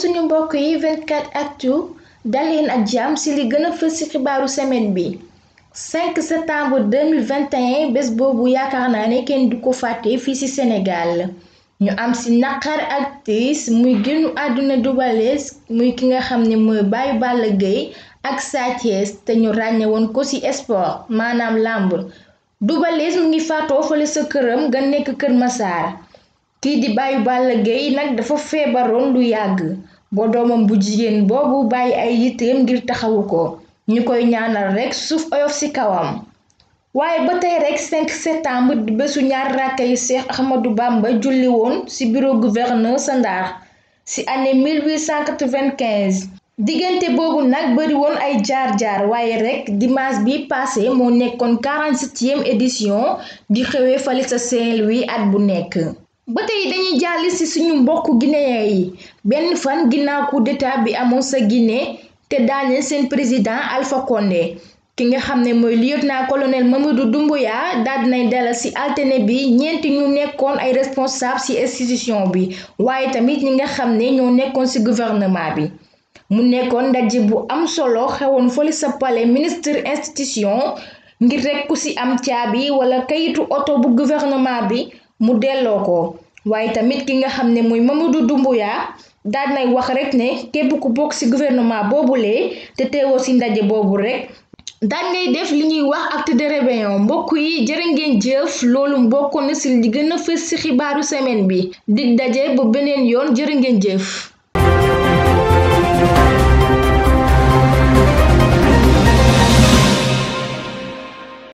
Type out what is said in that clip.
suñu mbokk yi 24 actu dal ak jàmm ci li gën a fës ci xibaaru semaine bi 5 septembre 2021 bés boobu yaakaar naa ne kenn du ko fàtte fii ci la ñu am ci naqar actrice muy génnu àdduna Double muy ki nga xam ne mooy baayu Balla Gaye ak Sa te ñu ràññe woon ko ci sport maanaam làmb Double Less mu ngi faatoo fële sa këram nga nekk Kër Massar. kii di baayu Balla Gaye nag dafa feebaroon lu yàgg ba doomam bu jigéen boobu bàyyi ay yitteem ngir taxawu ko ñu koy ñaanal rekk suuf oyof ci kawam waaye ba tey rek 5 septembre di bésu ñaar ràkka yi Cheikh Bamba julli woon ci bureau gouverneur sa Ndar ci année 1895 diggante boobu nag bari woon ay jaar-jaar waaye rekk dimaas bi passé moo nekkoon 47e édition di xewee fali sa Saint-Louis at bu nekk ba tey dañuy jàll ci suñu mbokku guinéen yi benn fan ginnaaw coup d'état bi amoon sa Guinée te daaneel seen président Alpha Condé ki nga xam ne mooy naa colonel Mamadou Doumbouya daal dinay dalal ci altine bi ñeenti ñu nekkoon ay responsable ci institution bi waaye tamit ñi nga xam ne ñoo nekkoon ci gouvernement bi mu nekkoon ndaje bu am solo xewoon fële sa palais ministre institution ngir rekku ci am caabi wala kayitu oto bu gouvernement bi mu delloo ko waaye tamit ki nga xam ne muy Mamadou Doumbouya daal nay wax rek ne képp ku bokk ci gouvernement boobulee te teewoo ci ndaje boobu rek daan ngay def li ñuy wax acte de rébellion mbokk yi jërë ngeen jëf loolu mbokkoon na ci li gëna a fës ci xibaaru semaine bi dig daje bu beneen yoon jërë ngeen jëf